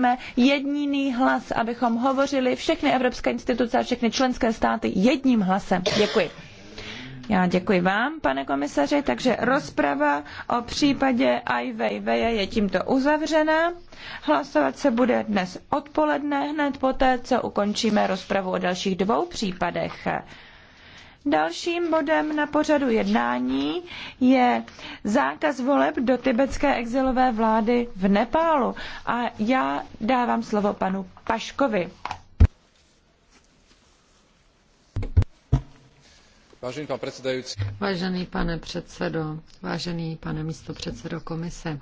máme jediný hlas, abychom hovořili všechny evropské instituce a všechny členské státy jedním hlasem. Děkuji. Já děkuji vám, pane komisaři, takže rozprava o případě Ai Weiwei je tímto uzavřena. Hlasovat se bude dnes odpoledne, hned poté, co ukončíme rozpravu o dalších dvou případech. Dalším bodem na pořadu jednání je zákaz voleb do tibetské exilové vlády v Nepálu. A já dávám slovo panu Paškovi. Vážený, pan Vážený pane předsedo, vážený pane místopředsedo komise,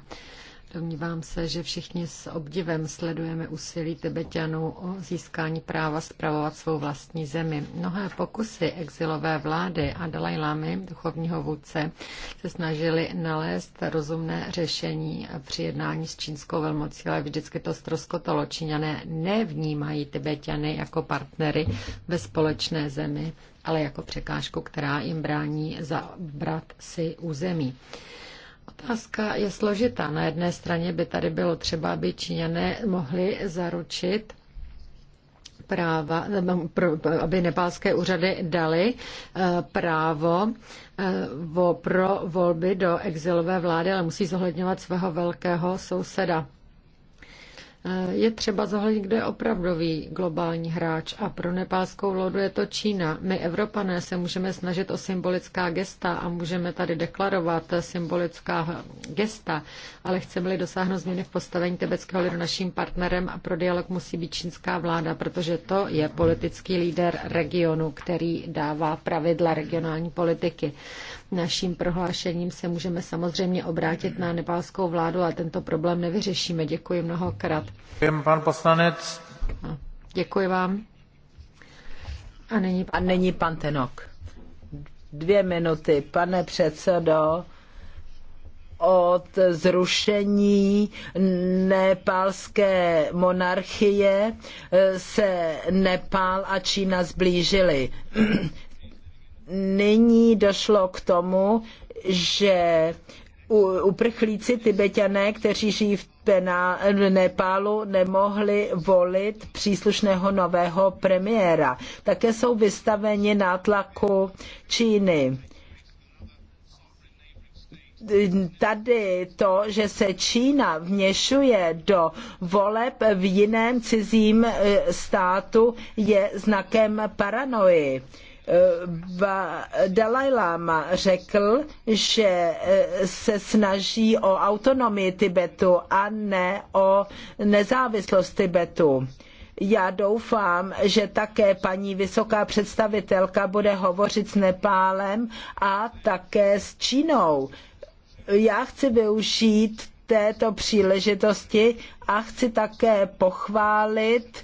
Domnívám se, že všichni s obdivem sledujeme úsilí Tibetanů o získání práva spravovat svou vlastní zemi. Mnohé pokusy exilové vlády a Dalai Lamy, duchovního vůdce, se snažili nalézt rozumné řešení při jednání s čínskou velmocí, ale vždycky to stroskotalo. Číňané nevnímají Tibetany jako partnery ve společné zemi, ale jako překážku, která jim brání zabrat si území. Otázka je složitá. Na jedné straně by tady bylo třeba, aby Číňané mohli zaručit práva, aby nepálské úřady dali eh, právo eh, pro volby do exilové vlády, ale musí zohledňovat svého velkého souseda. Je třeba zohlednit, kdo je opravdový globální hráč a pro nepálskou lodu je to Čína. My, Evropané, se můžeme snažit o symbolická gesta a můžeme tady deklarovat symbolická gesta, ale chceme-li dosáhnout změny v postavení tibetského lidu naším partnerem a pro dialog musí být čínská vláda, protože to je politický líder regionu, který dává pravidla regionální politiky. Naším prohlášením se můžeme samozřejmě obrátit na nepálskou vládu, a tento problém nevyřešíme. Děkuji mnohokrát. Děkuji, pan poslanec. Děkuji vám. A není pan, A není pan Tenok. Dvě minuty, pane předsedo od zrušení nepálské monarchie se Nepál a Čína zblížili nyní došlo k tomu, že uprchlíci tibetané, kteří žijí v Pená, Nepálu, nemohli volit příslušného nového premiéra. Také jsou vystaveni nátlaku Číny tady to, že se Čína vněšuje do voleb v jiném cizím e, státu, je znakem paranoji. Eh, Dalai Lama řekl, že eh, se snaží o autonomii Tibetu a ne o nezávislost Tibetu. Já doufám, že také paní vysoká představitelka bude hovořit s Nepálem a také s Čínou. Já chci využít této příležitosti a chci také pochválit eh,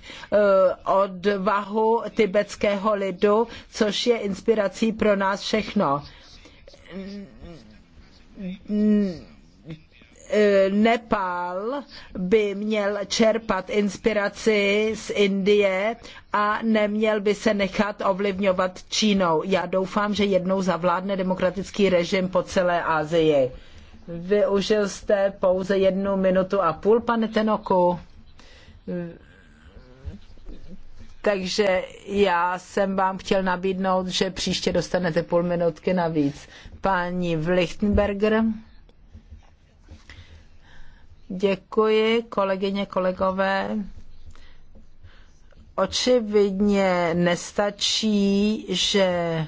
odvahu tibetského lidu, což je inspirací pro nás všechno eh, Nepál by měl čerpat inspiraci z Indie a neměl by se nechat ovlivňovat Čínou. Já doufám, že jednou zavládne demokratický režim po celé Asii. Využil jste pouze jednu minutu a půl, pane Tenoku. Takže já jsem vám chtěl nabídnout, že příště dostanete půl minutky navíc. Paní Vlichtenberger. Děkuji, kolegyně, kolegové. Očividně nestačí, že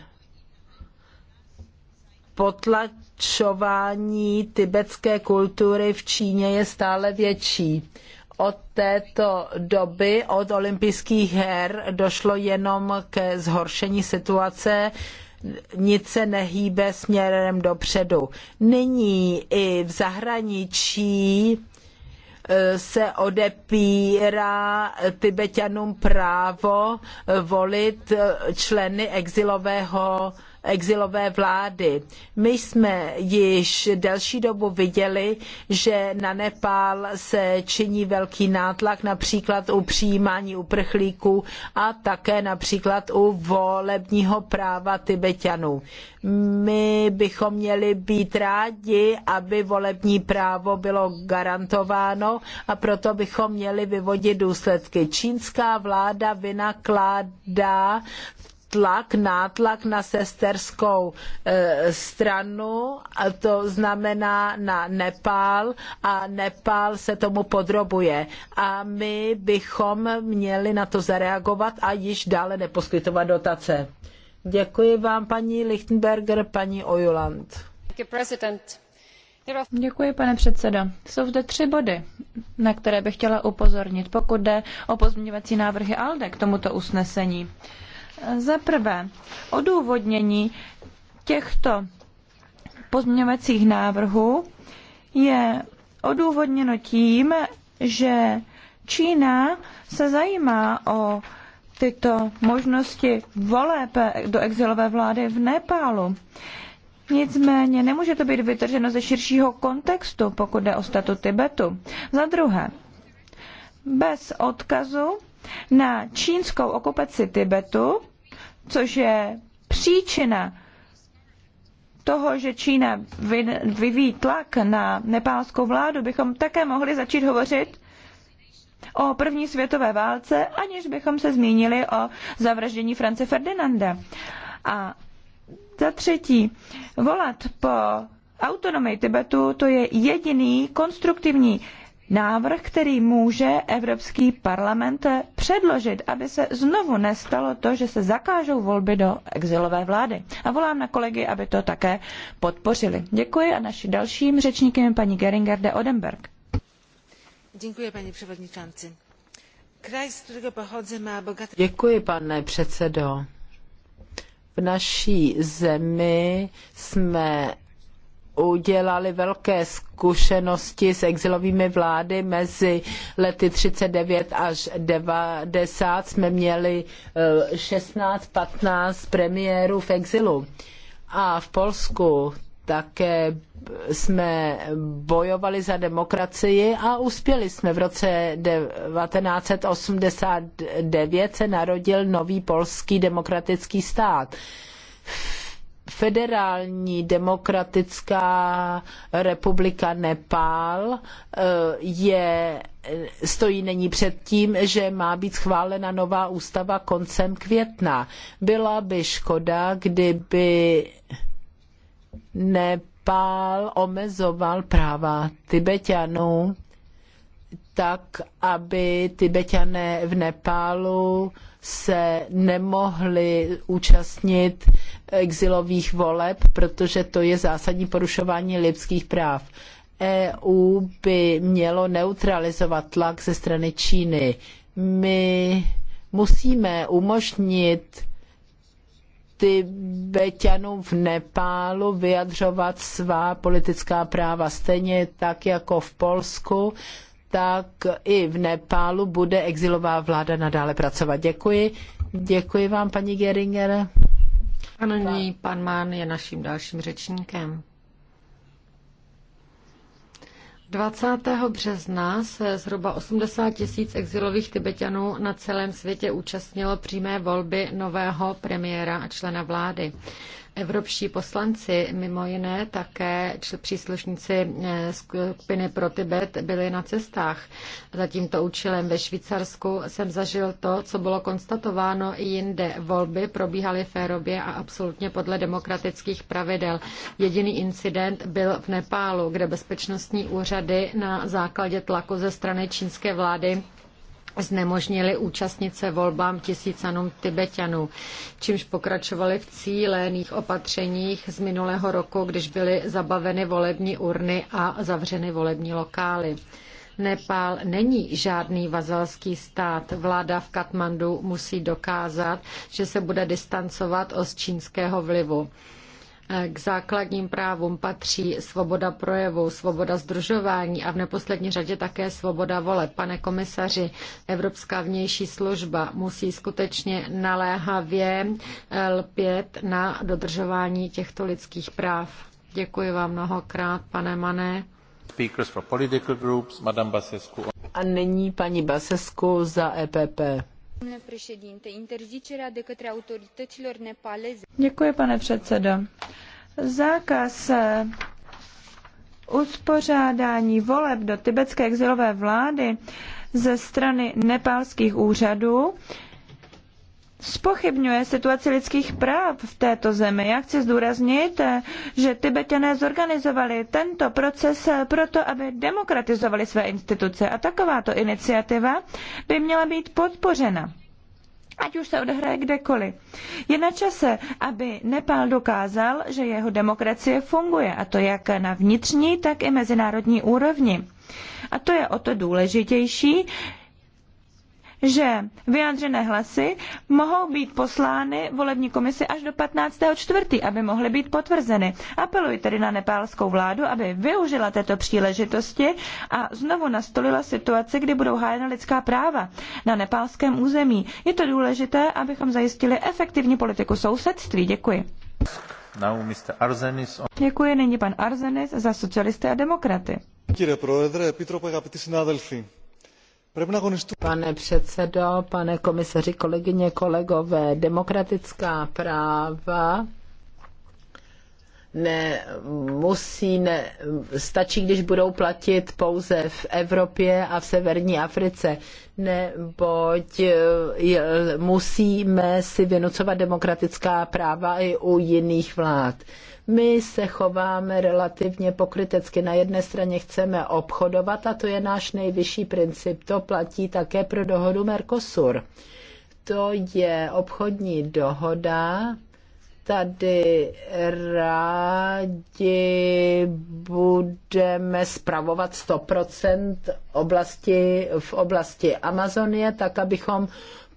potlačí pokračování tibetské kultury v Číně je stále větší. Od této doby, od olympijských her, došlo jenom ke zhoršení situace nic se nehýbe směrem dopředu. Nyní i v zahraničí eh, se odepírá Tibetanům právo volit eh, členy exilového exilové vlády. My jsme již delší dobu viděli, že na Nepál se činí velký nátlak například u přijímání uprchlíků a také například u volebního práva Tibetanů. My bychom měli být rádi, aby volební právo bylo garantováno a proto bychom měli vyvodit důsledky. Čínská vláda vynakládá tlak, nátlak na sesterskou e, stranu, a to znamená na Nepál a Nepál se tomu podrobuje. A my bychom měli na to zareagovat a již dále neposkytovat dotace. Děkuji vám, paní Lichtenberger, paní Ojuland. Děkuji, pane předsedo. Jsou zde tři body, na které bych chtěla upozornit, pokud jde o pozměňovací návrhy ALDE k tomuto usnesení. Za prvé, odůvodnění těchto pozměňovacích návrhů je odůvodněno tím, že Čína se zajímá o tyto možnosti voleb do exilové vlády v Nepálu. Nicméně nemůže to být vytrženo ze širšího kontextu, pokud jde o statu Tibetu. Za druhé, bez odkazu na čínskou okupaci Tibetu což je příčina toho, že Čína vyvíjí tlak na nepálskou vládu, bychom také mohli začít hovořit o první světové válce, aniž bychom se zmínili o zavraždění France Ferdinanda. A za třetí, volat po autonomii Tibetu, to je jediný konstruktivní návrh, který může Evropský parlament předložit, aby se znovu nestalo to, že se zakážou volby do exilové vlády. A volám na kolegy, aby to také podpořili. Děkuji a naši dalším řečníkem je paní Geringer de Odenberg. Děkuji, paní předsedající. Kraj, z kterého má bogaté... Děkuji, pane předsedo. V naší zemi jsme udělali velké zkušenosti s exilovými vlády mezi lety 39 až 90. Jsme měli 16-15 eh, premiérů v exilu. A v Polsku také jsme bojovali za demokracii a uspěli jsme. V roce 1989 se narodil nový polský demokratický stát. V Federální demokratická republika Nepál eh, je, stojí není před tím, že má být schválena nová ústava koncem května. Byla by škoda, kdyby Nepál omezoval práva Tibetanů tak, aby Tibetané v Nepálu se nemohli účastnit exilových voleb, protože to je zásadní porušování lidských práv. EU by mělo neutralizovat tlak ze strany Číny. My musíme umožnit Tibetanům v Nepálu vyjadřovat svá politická práva, stejně tak jako v Polsku tak i v Nepálu bude exilová vláda nadále pracovat. Děkuji. Děkuji vám, paní Geringer. A nyní pan Mán je naším dalším řečníkem. 20. března se zhruba 80 tisíc exilových Tibetanů na celém světě účastnilo přímé volby nového premiéra a člena vlády. Evropští poslanci, mimo jiné také příslušníci eh, skupiny pro Tibet, byli na cestách. Za tímto účelem ve Švýcarsku jsem zažil to, co bylo konstatováno i jinde. Volby probíhaly férově a absolutně podle demokratických pravidel. Jediný incident byl v Nepálu, kde bezpečnostní úřady na základě tlaku ze strany čínské vlády znemožnili účastnit se volbám tisícanům Tibetanů, čímž pokračovali v cílených opatřeních z minulého roku, když byly zabaveny volební urny a zavřeny volební lokály. Nepál není žádný vazalský stát. Vláda v Katmandu musí dokázat, že se bude distancovat od čínského vlivu. K základním právům patří svoboda projevu, svoboda združování a v neposlední řadě také svoboda vole. Pane komisaři, Evropská vnější služba musí skutečně naléhavě eh, lpět na dodržování těchto lidských práv. Děkuji vám mnohokrát, pane Mané. Groups, a nyní paní Basescu za e EPP. Děkuji, pane předsedo. Zákaz uspořádání voleb do tibetské exilové vlády ze strany nepálských úřadů spochybňuje situaci lidských práv v této zemi. Já chci zdůraznit, že Tibetané zorganizovali tento proces proto, aby demokratizovali své instituce a takováto iniciativa by měla být podpořena ať už se odehraje kdekoliv. Je na čase, aby Nepál dokázal, že jeho demokracie funguje, a to jak na vnitřní, tak i mezinárodní úrovni. A to je o to důležitější, že vyjádřené hlasy mohou být poslány volební komisi až do 15. čtvrtý, aby mohly být potvrzeny. Apeluji tedy na nepálskou vládu, aby využila této příležitosti a znovu nastolila situaci, kdy budou hájena lidská práva na nepálském území. Je to důležité, abychom zajistili efektivní politiku sousedství. Děkuji. Now, Mr. Arzenis... Děkuji nyní pan Arzenis za socialisty a demokraty. Kýre, prodre, Pítrope, agapití synádελφοι. Pane předsedo, pane komisaři, kolegyně, kolegové, demokratická práva ne, musí, ne, stačí, když budou platit pouze v Evropě a v severní Africe, neboť eh, musíme si vynucovat demokratická práva i u jiných vlád. My se chováme relativně pokrytecky. Na jedné straně chceme obchodovat a to je náš nejvyšší princip. To platí také pro dohodu Mercosur. To je obchodní dohoda, tady rádi budeme spravovat 100% oblasti, v oblasti Amazonie, tak abychom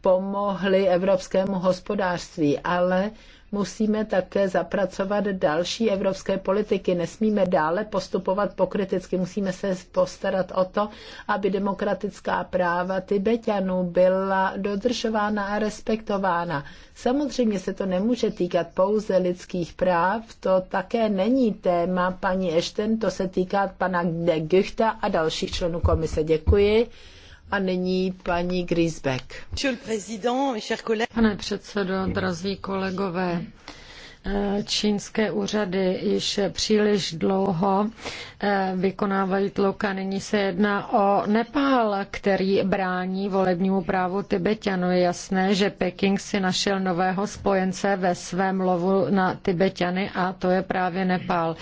pomohli evropskému hospodářství, ale musíme také zapracovat další evropské politiky. Nesmíme dále postupovat pokriticky. Musíme se postarat o to, aby demokratická práva Tibetanů byla dodržována a respektována. Samozřejmě se to nemůže týkat pouze lidských práv, to také není téma paní Ešten, to se týká pana de Guchta a dalších členů komise. Děkuji a nyní paní Griesbeck. Pane předsedo, drazí kolegové, čínské úřady již příliš dlouho eh, vykonávají tluk a nyní se jedná o Nepál, který brání volebnímu právu Tibetanů. Je jasné, že Peking si našel nového spojence ve svém lovu na Tibetany a to je právě Nepál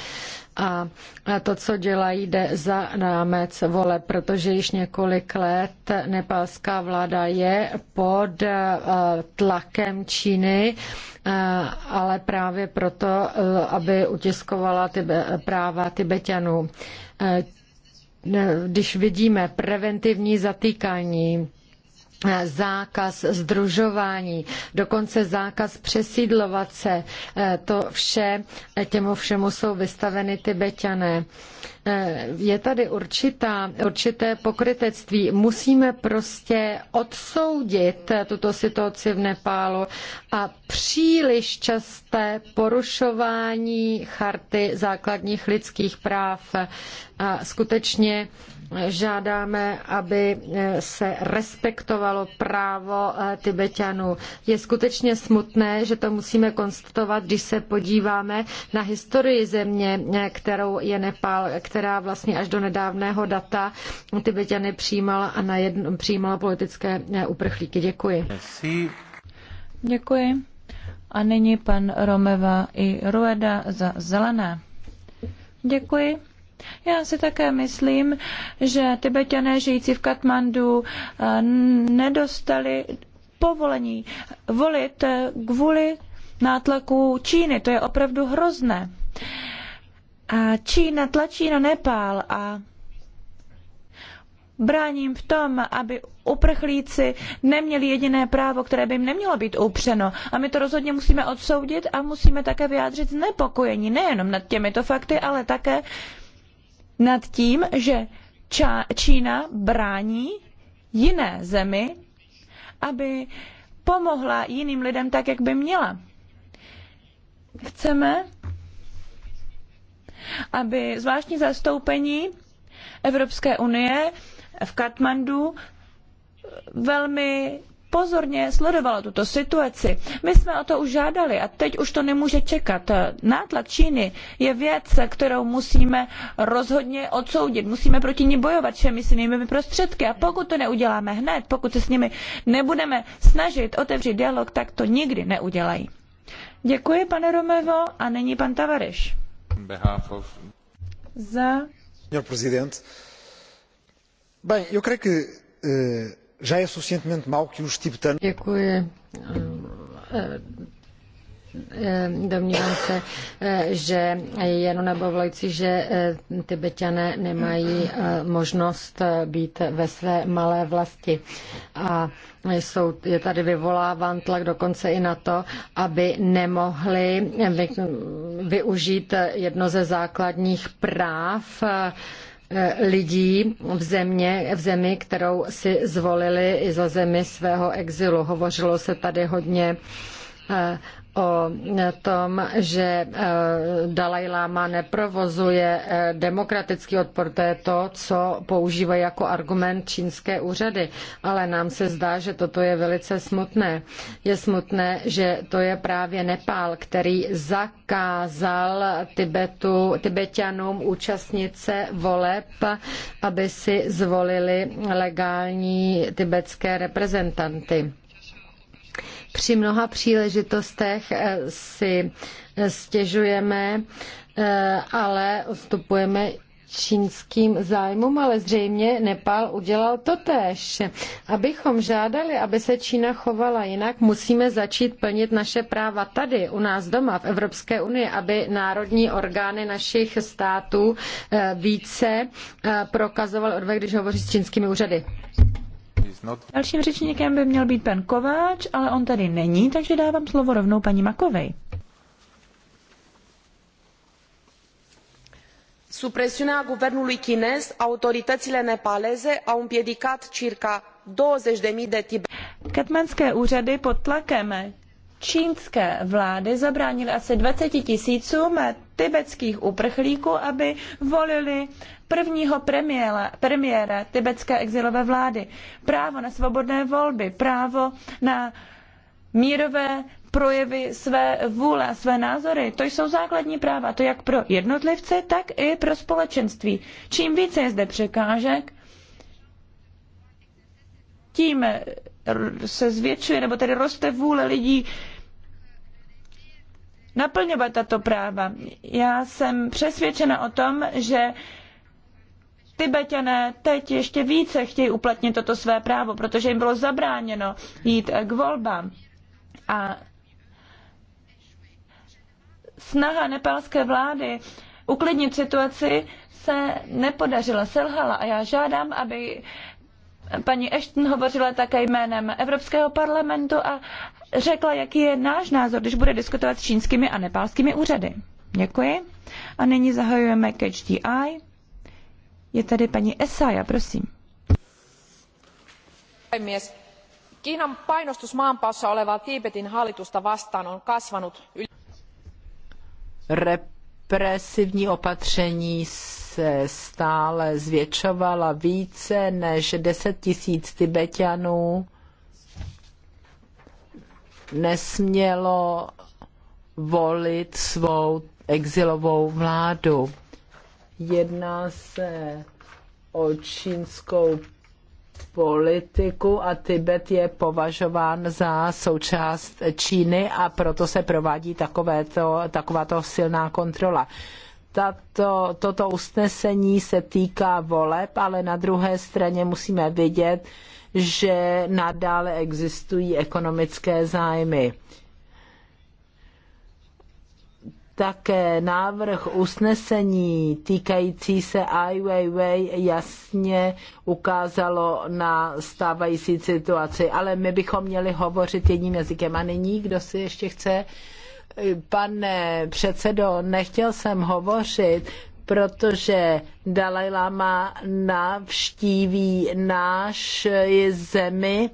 a to, co dělají, jde za rámec vole, protože již několik let nepalská vláda je pod eh, tlakem Číny, eh, ale právě proto, eh, aby utiskovala tybe, práva Tibetanů. Když vidíme preventivní zatýkání, zákaz združování, dokonce zákaz přesídlovat se. Eh, to vše, eh, těmu všemu jsou vystaveny Tibetané. Eh, je tady určitá, určité pokrytectví. Musíme prostě odsoudit tuto situaci v Nepálu a příliš časté porušování charty základních lidských práv. A skutečně žádáme, aby eh, se respektovalo právo eh, Tibetanů. Je skutečně smutné, že to musíme konstatovat, když se podíváme na historii země, eh, kterou je Nepál, která vlastně až do nedávného data Tibetany přijímala a na přijímala politické uprchlíky. Děkuji. Děkuji. A nyní pan Romeva i Rueda za zelené. Děkuji. Já si také myslím, že Tibetané žijící v Katmandu eh, nedostali povolení volit eh, kvůli nátlaku Číny. To je opravdu hrozné. A Čína tlačí na Nepál a bráním v tom, aby uprchlíci neměli jediné právo, které by jim nemělo být upřeno. A my to rozhodně musíme odsoudit a musíme také vyjádřit znepokojení nejenom nad těmito fakty, ale také nad tím, že Čína brání jiné zemi, aby pomohla jiným lidem tak, jak by měla. Chceme, aby zvláštní zastoupení Evropské unie v Katmandu velmi pozorně sledovala tuto situaci. My jsme o to už žádali a teď už to nemůže čekat. Nátlak Číny je věc, kterou musíme rozhodně odsoudit. Musíme proti ní bojovat všemi svými prostředky a pokud to neuděláme hned, pokud se s nimi nebudeme snažit otevřít dialog, tak to nikdy neudělají. Děkuji, pane Romevo, a není pan Tavareš. Za... Senhor prezident, bem, eu creio que eh, já je suficientemente mau que os tibetanos. Děkuji. Eh, eh, domnívám se, eh, že jenom nebo že Tibetané nemají možnost být ve své malé vlasti. A jsou, je tady vyvoláván tlak dokonce i na to, aby nemohli využít jedno ze základních práv, Eh, lidí v, země, v zemi, kterou si zvolili i za zemi svého exilu. Hovořilo se tady hodně eh, o tom, že e, Dalai Lama neprovozuje e, demokratický odpor, to je to, co používají jako argument čínské úřady, ale nám se zdá, že toto je velice smutné. Je smutné, že to je právě Nepál, který zakázal Tibetu, Tibetanům účastnit se voleb, aby si zvolili legální tibetské reprezentanty při mnoha příležitostech eh, si eh, stěžujeme, eh, ale ustupujeme čínským zájmům, ale zřejmě Nepál udělal to tež. Abychom žádali, aby se Čína chovala jinak, musíme začít plnit naše práva tady, u nás doma, v Evropské unii, aby národní orgány našich států více prokazovaly odvek, když hovoří s čínskými úřady. Dalším řečníkem by měl být pan Kováč, ale on tady není, takže dávám slovo rovnou paní Makovej. Supresiunea guvernului chinez autoritățile nepaleze au împiedicat circa 20.000 de tibetani. Katmanské úřady pod tlakem čínské vlády zabránily asi 20 tisícům tibetských uprchlíků, aby volili prvního premiéra, premiéra tibetské exilové vlády. Právo na svobodné volby, právo na mírové projevy své vůle a své názory. To jsou základní práva, to jak pro jednotlivce, tak i pro společenství. Čím více je zde překážek, tím se zvětšuje, nebo tedy roste vůle lidí naplňovat tato práva. Já jsem přesvědčena o tom, že Tibetané teď ještě více chtějí uplatnit toto své právo, protože jim bylo zabráněno jít k volbám. A snaha nepalské vlády uklidnit situaci se nepodařila, selhala a já žádám, aby paní Ashton hovořila také jménem Evropského parlamentu a řekla, jaký je náš názor, když bude diskutovat s čínskými a nepálskými úřady. Děkuji. A nyní zahajujeme Catch the Je tady paní Esaja, prosím. Puhemies. Kiinan painostus maanpaossa olevaa Tiibetin hallitusta vastaan on kasvanut yli... Represivní opatření se stále zvětšovala více než 10 tisíc Tibetanů nesmělo volit svou exilovou vládu. Jedná se o čínskou politiku a Tibet je považován za součást Číny a proto se provádí takovéto, takováto silná kontrola tato, toto usnesení se týká voleb, ale na druhé straně musíme vidět, že nadále existují ekonomické zájmy. Také návrh usnesení týkající se Ai Weiwei jasně ukázalo na stávající situaci, ale my bychom měli hovořit jedním jazykem. A nyní, kdo si ještě chce uh, Pane předsedo, nechtěl jsem hovořit, protože Dalaj Lama navštíví náš zemi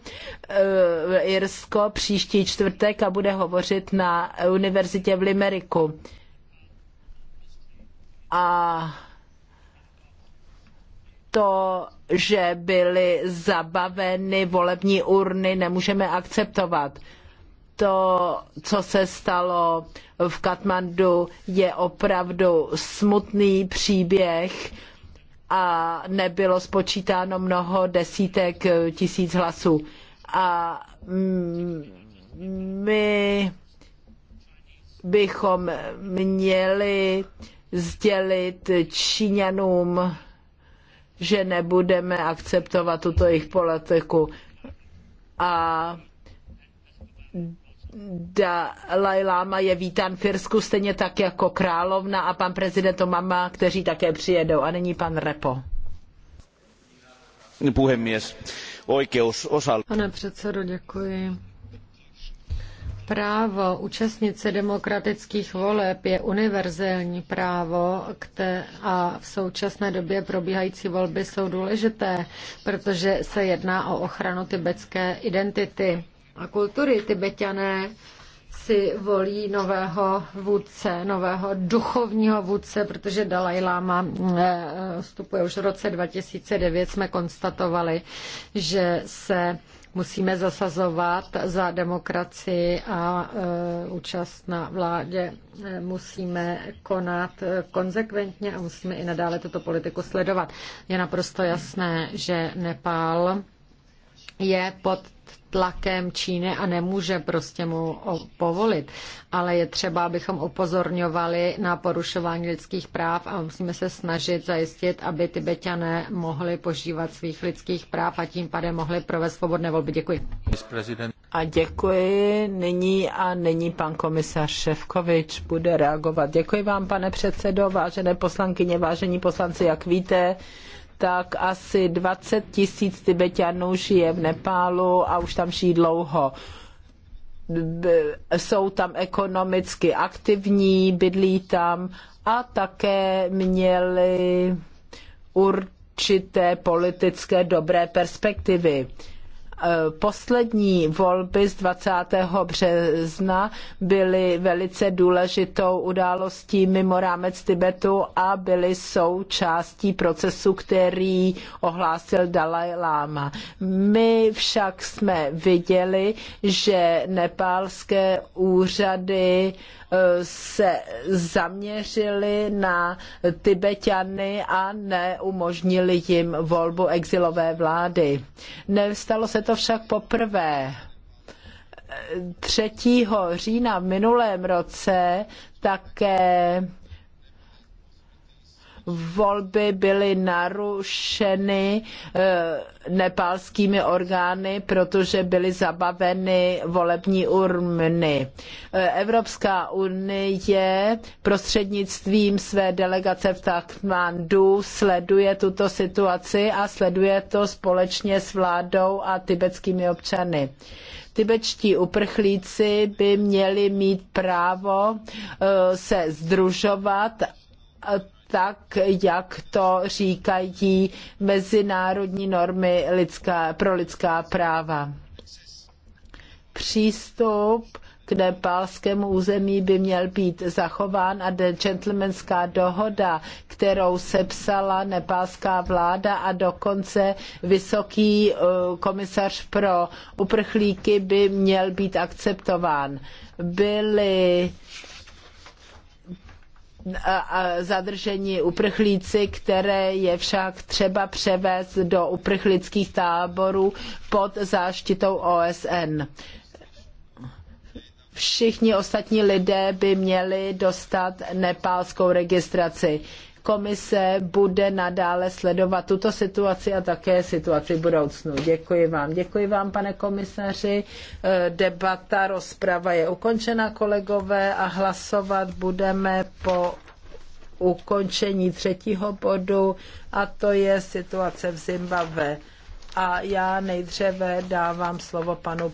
eh, Irsko příští čtvrtek a bude hovořit na univerzitě v Limeriku. A to, že byly zabaveny volební urny, nemůžeme akceptovat to, co se stalo v Katmandu, je opravdu smutný příběh a nebylo spočítáno mnoho desítek tisíc hlasů. A my bychom měli sdělit Číňanům, že nebudeme akceptovat tuto jejich politiku. A Dalaj Lama je vítán v Firsku, stejně tak jako královna a pan prezident Obama, kteří také přijedou. A není pan Repo. Pane předsedo, děkuji. Právo účastnit se demokratických voleb je univerzální právo a v současné době probíhající volby jsou důležité, protože se jedná o ochranu tibetské identity. A kultury. Tibetané si volí nového vůdce, nového duchovního vůdce, protože Dalaj Lama eh, vstupuje už v roce 2009. Jsme konstatovali, že se musíme zasazovat za demokracii a e, účast na vládě. Eh, musíme konat konzekventně a musíme i nadále tuto politiku sledovat. Je naprosto jasné, že Nepál je pod tlakem Číny a nemůže prostě mu povolit. Ale je třeba, abychom upozorňovali na porušování lidských práv a musíme se snažit zajistit, aby Tibetané mohli požívat svých lidských práv a tím pádem mohli provést svobodné volby. Děkuji. A děkuji nyní a nyní pan komisař Ševkovič bude reagovat. Děkuji vám, pane předsedo, vážené poslankyně, vážení poslanci, jak víte, tak asi 20 tisíc Tibetanů žije v Nepálu a už tam žijí dlouho jsou tam ekonomicky aktivní, bydlí tam a také měli určité politické dobré perspektivy. Eh, poslední volby z 20. března byly velice důležitou událostí mimo rámec Tibetu a byly součástí procesu, který ohlásil Dalai Lama. My však jsme viděli, že nepálské úřady se zaměřili na Tibetany a neumožnili jim volbu exilové vlády. Nestalo se to však poprvé. 3. října v minulém roce také volby byly narušeny eh, nepálskými orgány, protože byly zabaveny volební urny. Eh, Evropská unie prostřednictvím své delegace v Takmandu sleduje tuto situaci a sleduje to společně s vládou a tibetskými občany tibetští uprchlíci by měli mít právo eh, se združovat tak, jak to říkají mezinárodní normy lidská, pro lidská práva. Přístup k nepálskému území by měl být zachován a gentlemanská dohoda, kterou sepsala nepálská vláda a dokonce vysoký eh, komisař pro uprchlíky by měl být akceptován. Byly zadržení uprchlíci, které je však třeba převést do uprchlických táborů pod záštitou OSN všichni ostatní lidé by měli dostat nepálskou registraci komise bude nadále sledovat tuto situaci a také situaci v budoucnu. Děkuji vám. Děkuji vám, pane komisaři. E, debata, rozprava je ukončena, kolegové, a hlasovat budeme po ukončení třetího bodu, a to je situace v Zimbabwe. A já nejdříve dávám slovo panu